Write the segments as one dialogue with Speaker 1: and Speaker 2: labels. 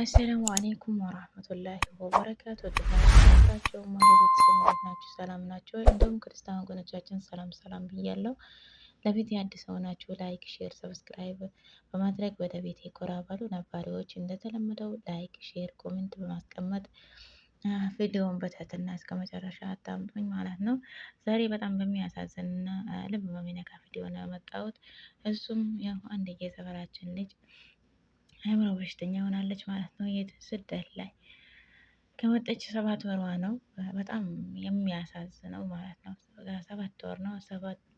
Speaker 1: አሰላሙ አሌይኩም ወራህመቱላሂ ወበረካቱ። ወደናቸው ቤተሰብ እንዴት ናችሁ? ሰላም ናቸው። እንዲሁም ክርስቲያን ወገኖቻችን ሰላም ሰላም ብያለሁ። ለቤት የአዲስ ሆናችሁ ላይክ፣ ሼር፣ ሰብስክራይብ በማድረግ ወደ ቤት የኮራ ባሉ ነባሪዎች እንደተለመደው ላይክ፣ ሼር፣ ኮሜንት በማስቀመጥ ቪዲዮውን በትህትና እስከ መጨረሻ አዳምጡኝ ማለት ነው። ዛሬ በጣም በሚያሳዝንና ልብ በሚነካ ቪዲዮ ነው የመጣሁት። እሱም ያው አንድ የሰፈራችን ልጅ አእምሮ በሽተኛ ሆናለች ማለት ነው። ስደት ላይ ከመጠች ሰባት ወሯ ነው። በጣም የሚያሳዝነው ማለት ነው። ሰባት ወር ነው።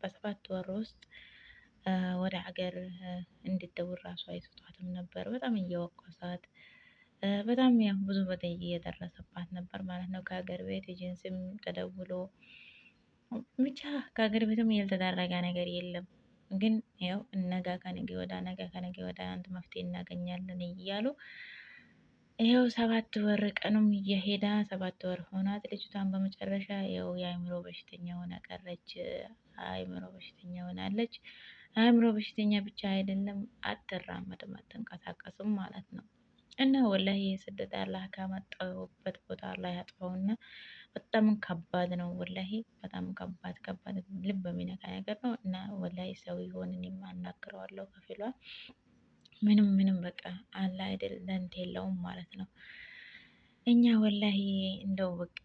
Speaker 1: በሰባት ወር ውስጥ ወደ ሀገር እንድትደውል ራሱ አይሰጧትም ነበር። በጣም እየወቀሳት በጣም ያው ብዙ በደል እየደረሰባት ነበር ማለት ነው። ከሀገር ቤት ኤጀንሲም ተደውሎ ብቻ ከሀገር ቤትም ያልተደረገ ነገር የለም። ግን ያው እነጋ ከነገ ወዳ ነገ ከነገ ወዳ አንድ መፍትሄ እናገኛለን እያሉ ይኸው ሰባት ወር ቀኑም እየሄደ ሰባት ወር ሆናት ልጅቷን። በመጨረሻ ያው የአእምሮ በሽተኛ ሆና ቀረች። አእምሮ በሽተኛ ሆናለች። አእምሮ በሽተኛ ብቻ አይደለም አትራመድም፣ አትንቀሳቀሱም ማለት ነው። እና ወላሂ የስደት አላህ ካመጣበት ቦታ ላይ አጥፋውና በጣም ከባድ ነው። ወላሂ በጣም ከባድ ከባድ ልብ የሚነካ ነገር ነው እና ወላሂ ሰው ይሆን እኔም አናግረዋለሁ ከፊሏ ምንም ምንም በቃ አለ አይደል ለንት የለውም ማለት ነው። እኛ ወላሂ እንደው በቃ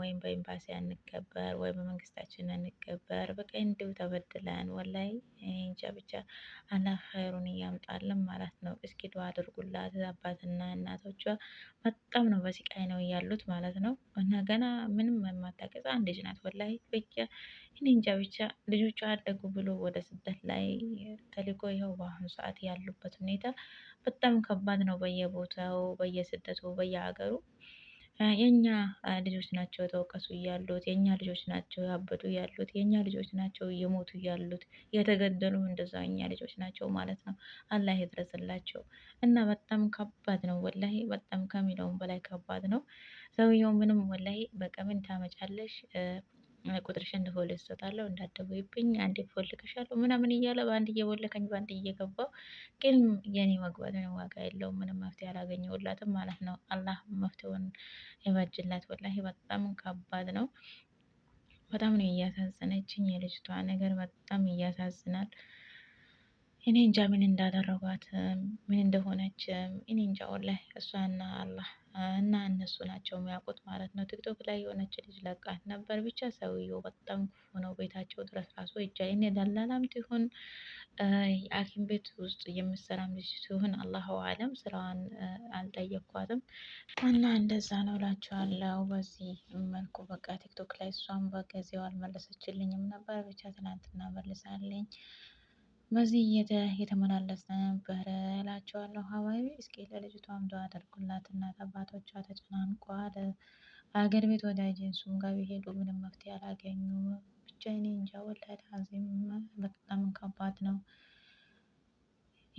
Speaker 1: ወይም በኤምባሲ አንከበር ወይም በመንግስታችን አንከበር፣ በቃ እንደው ተበድለን ወላሂ እንጃ ብቻ አላህ ኸይሩን እያምጣልን ማለት ነው። እስኪ ዱዓ አድርጉላት። አባትና እናቶቿ በጣም ነው በስቃይ ነው ያሉት ማለት ነው። እና ገና ምንም የማታውቅ ልጅ ናት ወላሂ በቃ እኔ እንጃ ብቻ ልጆቹ አደጉ ብሎ ወደ ስደት ላይ ተልኮ ይኸው በአሁኑ ሰዓት ያሉበት ሁኔታ በጣም ከባድ ነው። በየቦታው በየስደቱ በየሀገሩ የእኛ ልጆች ናቸው የተወቀሱ ያሉት፣ የእኛ ልጆች ናቸው ያበዱ ያሉት፣ የእኛ ልጆች ናቸው እየሞቱ ያሉት፣ የተገደሉ እንደዛ የእኛ ልጆች ናቸው ማለት ነው። አላህ ይድረስላቸው እና በጣም ከባድ ነው ወላሂ፣ በጣም ከሚለውም በላይ ከባድ ነው። ሰውየው ምንም ወላሂ በቀምን ታመጫለሽ ቁጥርሽን ፎሎ ሰጣለሁ እንዳትደውይብኝ አንዴ ፎልክሻለሁ ምናምን እያለ በአንድ እየቦለከኝ በአንድ እየገባው ግን የኔ መግባት ምንም ዋጋ የለውም። ምንም መፍትሄ አላገኘውላትም ማለት ነው። አላህ መፍትሄውን ይበጅላት። ወላሂ በጣም ከባድ ነው። በጣም ነው እያሳዘነችኝ የልጅቷ ነገር በጣም እያሳዝናል። እኔ እንጃ ምን እንዳደረጓት ምን እንደሆነች እኔ እንጃ። ወላሂ እሷና አላህ እና እነሱ ናቸው የሚያውቁት ማለት ነው። ቲክቶክ ላይ የሆነች ልጅ ለቃት ነበር። ብቻ ሰውየው በጣም ክፉ ነው። ቤታቸው ድረስ ራሱ እጃ እኔ ደላላም ትሁን የአኪም ቤት ውስጥ የምሰራም ልጅ ትሁን አላሁ አለም፣ ስራዋን አልጠየኳትም እና እንደዛ ነው እላችኋለሁ። በዚህ መልኩ በቃ ቲክቶክ ላይ እሷም በጊዜው አልመለሰችልኝም ነበር። ብቻ ትናንትና መልሳለኝ። በዚህ የተመላለሰ ነበረ እላቸዋለሁ። ሀዋይ እስኪ ለልጅቷም ዱዓ አድርጉላት። እናት አባቶቿ ተጨናንቋል። አገር ቤት ወዳጅ እሱም ጋር ቢሄዱ ምንም መፍትሄ አላገኙ። ብቻ እኔ እንጃ ወላሂ አዚም በጣም ከባድ ነው።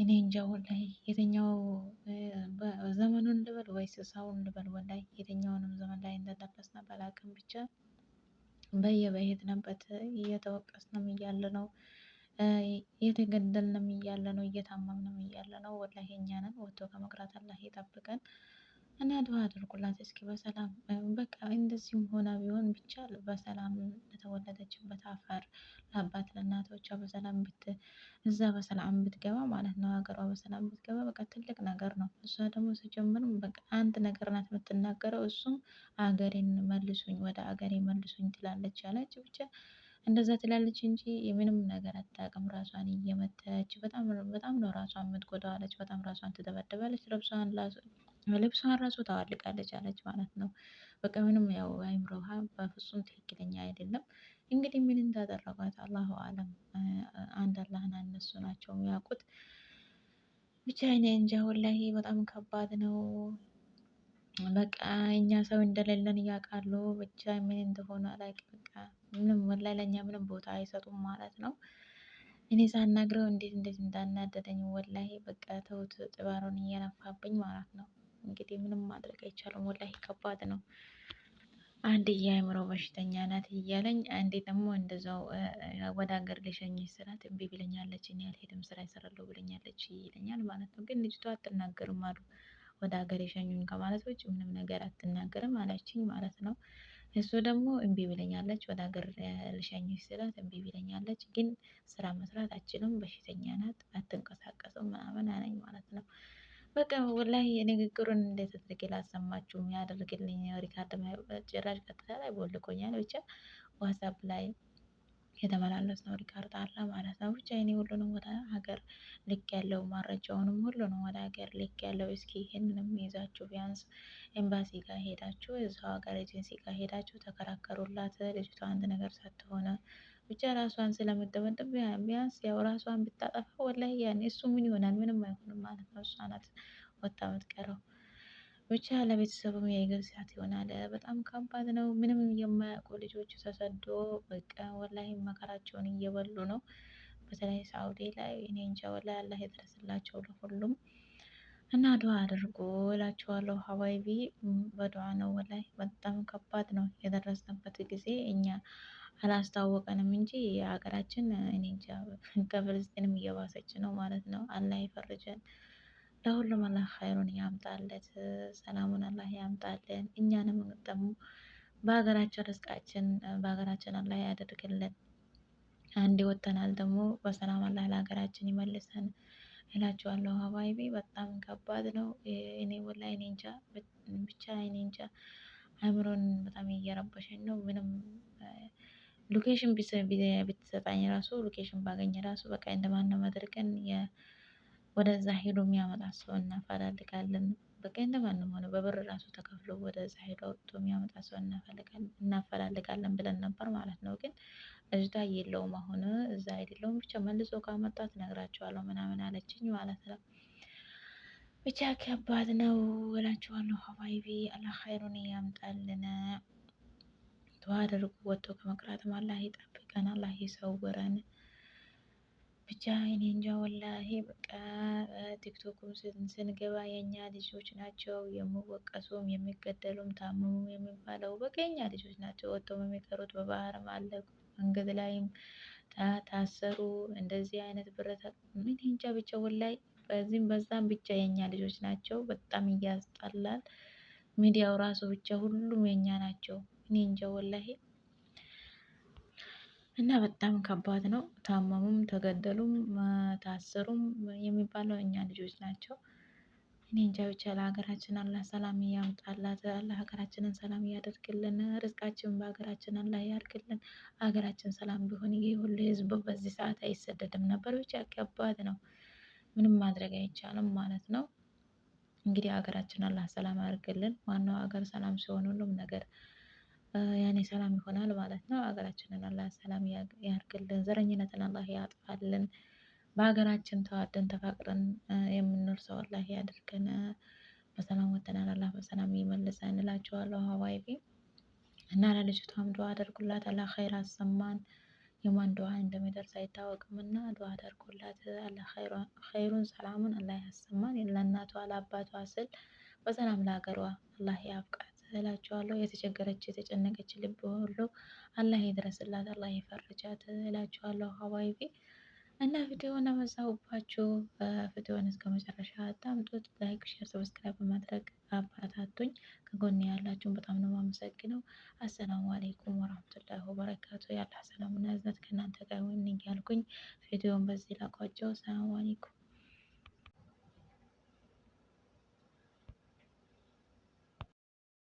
Speaker 1: እኔ እንጃ ወላሂ የትኛው ዘመኑን ልበል ወይስ ሰውን ልበል? ወላሂ የትኛውንም ዘመን ላይ እንደደረስን ባላቅም ብቻ በየበሄድንበት እየተወቀስንም እያለ ነው እየተገደልንም እያለ ነው እየታመምንም እያለ ነው። ወላሂ ነን ወጥቶ ከመቅራት አላህ ይጠብቀን እና ዱዓ አድርጉላት እስኪ በሰላም በቃ እንደዚህም ሆና ቢሆን ብቻ በሰላም ለተወለደችበት አፈር ለአባት ለእናቶቿ በሰላም ብት እዛ በሰላም ብትገባ ማለት ነው ሀገሯ በሰላም ብትገባ በቃ ትልቅ ነገር ነው። እሷ ደግሞ ስጀምርም አንድ ነገር ናት የምትናገረው እሱም አገሬን መልሱኝ ወደ አገሬ መልሱኝ ትላለች ያለች ብቻ እንደዛ ትላለች እንጂ ምንም ነገር አታውቅም። ራሷን እየመተች በጣም በጣም ነው ራሷን የምትጎዳዋለች። በጣም ራሷን ትደበደባለች። ልብሷን ልብሷን ራሱ ታዋልቃለች አለች ማለት ነው። በቃ ምንም ያው አይምሮሃ በፍጹም ትክክለኛ አይደለም። እንግዲህ ምን እንዳደረጓት አላሁ አለም። አንድ አላህና እነሱ ናቸው የሚያውቁት። ብቻ እኔ እንጃ ወላሂ በጣም ከባድ ነው። በቃ እኛ ሰው እንደሌለን እያውቃሉ። ብቻ ምን እንደሆነ አላውቅም። በቃ ምንም ወላሂ ለእኛ ምንም ቦታ አይሰጡም ማለት ነው። እኔ ሳናግረው እንዴት እንዴት እንዳናደደኝ ወላሂ በቃ ተውት፣ ጥባሩን እየነፋብኝ ማለት ነው። እንግዲህ ምንም ማድረግ አይቻልም። ወላሂ ከባድ ነው። አንድ የአእምሮ በሽተኛ ናት እያለኝ፣ አንዴ ደግሞ እንደዛው ወደ ሀገር ልሸኝሽ ስላት እምቢ ብለኛለች፣ እኔ አልሄድም ስራ ይሰራለሁ ብለኛለች ይለኛል ማለት ነው። ግን ልጅቷ አትናገርም አሉ ወደ ሀገር የሸኙኝ ከማለት ውጭ ምንም ነገር አትናገርም አለችኝ ማለት ነው። እሱ ደግሞ እምቢ ብለኛለች፣ ወደ ሀገር ልሸኝሽ ስላት እምቢ ብለኛለች፣ ግን ስራ መስራት አችልም፣ በሽተኛ ናት፣ አትንቀሳቀስም ምናምን አለኝ ማለት ነው። በቃ ወላሂ የንግግሩን እንዴት አድርጌ ላሰማችሁ ያደርግልኝ ሪካርድ ጭራሽ ቀጥታ ላይ ቦልኮኛል ብቻ ዋትሳፕ ላይ የተመላለስ ነው ሪካርድ አለ ማለት ነው። ብቻ እኔ ሁሉንም ወደ ሀገር ልክ ያለው መረጃውንም ሁሉንም ወደ ሀገር ልክ ያለው እስኪ ይህንንም ይዛችሁ ቢያንስ ኤምባሲ ጋር ሄዳችሁ እዛው ሀገር ኤጀንሲ ጋር ሄዳችሁ ተከራከሩላት። ልጅቷ አንድ ነገር ሳትሆነ ብቻ ራሷን ስለምደበድብ ቢያንስ ያው ራሷን ብታጠፋ ወላሂ ያኔ እሱ ምን ይሆናል? ምንም አይሆንም ማለት ነው። እሷ ናት ወጣ የምትቀረው። ብቻ ለቤተሰቡም የገብ ሰዓት ይሆናል። በጣም ከባድ ነው። ምንም የማያውቁ ልጆች ተሰዶ በቃ ወላሂ መከራቸውን እየበሉ ነው። በተለይ ሳውዲ ላይ እኔ እንጃ ወላሂ አላህ ይድረስላቸው ለሁሉም እና ዱዓ አድርጎ እላችኋለሁ። ሀዋይቢ በዱዓ ነው ወላሂ በጣም ከባድ ነው። የደረስንበት ጊዜ እኛ አላስታወቀንም እንጂ የሀገራችን እኔ እንጃ ከፍልስጤንም እየባሰች ነው ማለት ነው። አላህ ይፈርጀን። ለሁሉም አላህ ኸይሩን ያምጣለት፣ ሰላሙን አላህ ያምጣልን። እኛንም ደግሞ በሀገራችን ርዝቃችን በሀገራችን አላህ ያደርግልን። አንድ ወተናል ደግሞ በሰላም አላህ ለሀገራችን ይመልሰን እላችኋለሁ። ሀባይቢ በጣም ከባድ ነው። እኔ ወላሂ እኔ እንጃ ብቻ እኔ እንጃ አእምሮን በጣም እየረበሸኝ ነው። ምንም ሎኬሽን ብትሰጣኝ ራሱ ሎኬሽን ባገኝ ራሱ በቃ እንደማንም አድርገን ወደዛ ሄዶ የሚያመጣ ሰው እናፈላልጋለን። በገንዘብ ማንም ሆነ በብር ራሱ ተከፍሎ ወደዛ ሄዶ አውጥቶ የሚያመጣ ሰው እናፈላልጋለን ብለን ነበር ማለት ነው። ግን እዛ የለውም፣ አሁን እዛ አይደለውም። ብቻ መልሶ ካመጣ ትነግራቸዋለሁ ምናምን አለችኝ ማለት ነው። ብቻ ከባድ ነው እላችኋለሁ። ሀባይቢ አላህ ኸይሩን ያምጣልን። ተዋደርጉ ወጥቶ ከመቅራትም አላህ ይጠብቀን፣ አላህ ይሰውረን። ብቻ እኔ እንጃ ወላሂ በቃ ቲክቶክም ስንገባ የእኛ ልጆች ናቸው የሚወቀሱም የሚገደሉም ታመሙም የሚባለው በቃ የእኛ ልጆች ናቸው። ወጥተው የሚቀሩት በባህርም አለ መንገድ ላይም ታሰሩ። እንደዚህ አይነት ብረታ ምን እንጃ ብቻ ወላሂ በዚህም በዛም ብቻ የእኛ ልጆች ናቸው። በጣም እያስጠላል። ሚዲያው ራሱ ብቻ ሁሉም የእኛ ናቸው። እኔ እንጃ ወላሂ እና በጣም ከባድ ነው። ታመሙም፣ ተገደሉም፣ ታሰሩም የሚባለው እኛ ልጆች ናቸው። እኔ እንጃ ብቻ ለሀገራችን አላህ ሰላም እያምጣላት አላህ ሀገራችንን ሰላም እያደርግልን ርዝቃችን በሀገራችን አላህ ያርግልን። ሀገራችን ሰላም ቢሆን ይሄ ሁሉ ህዝብ በዚህ ሰዓት አይሰደድም ነበር። ብቻ ከባድ ነው። ምንም ማድረግ አይቻልም ማለት ነው። እንግዲህ ሀገራችን አላህ ሰላም ያርግልን። ዋናው ሀገር ሰላም ሲሆን ሁሉም ነገር ያኔ ሰላም ይሆናል ማለት ነው። ሀገራችንን አላህ ሰላም ያርግልን፣ ዘረኝነትን አላህ ያጥፋልን። በሀገራችን ተዋደን ተፋቅረን የምንኖር ሰው አላህ ያድርገን። በሰላም ወተናል አላህ በሰላም ይመልሰን እላቸዋለሁ ሀዋይቢ እና ለልጅቷም ዱዓ አድርጉላት፣ አላህ ኸይር አሰማን። የማን ዱዓ እንደሚደርስ አይታወቅም እና ዱዓ አድርጉላት፣ አላህ ኸይሩን ሰላሙን አላህ ያሰማን። ለእናቷ ለአባቷ ስል በሰላም ለሀገሯ አላህ ያብቃት። እላችኋለሁ። የተቸገረች የተጨነቀች ልብ ሁሉ አላህ ይድረስላት፣ አላህ ይፈርጃት እላችኋለሁ። ሀዋይቢ እና ቪዲዮውን አበዛሁባችሁ። ቪዲዮውን እስከ መጨረሻ አዳምጡት። ላይክ፣ ሼር፣ ሰብስክራይብ በማድረግ አበረታቱኝ። ከጎን ያላችሁን በጣም ነው የማመሰግነው። አሰላሙ አሌይኩም ወራህመቱላሂ ወበረካቱ። ያለ ሰላምና እዝነት ከእናንተ ጋር ይሁን እያልኩኝ ቪዲዮውን በዚህ ላቋጨው። ሰላሙ አሌይኩም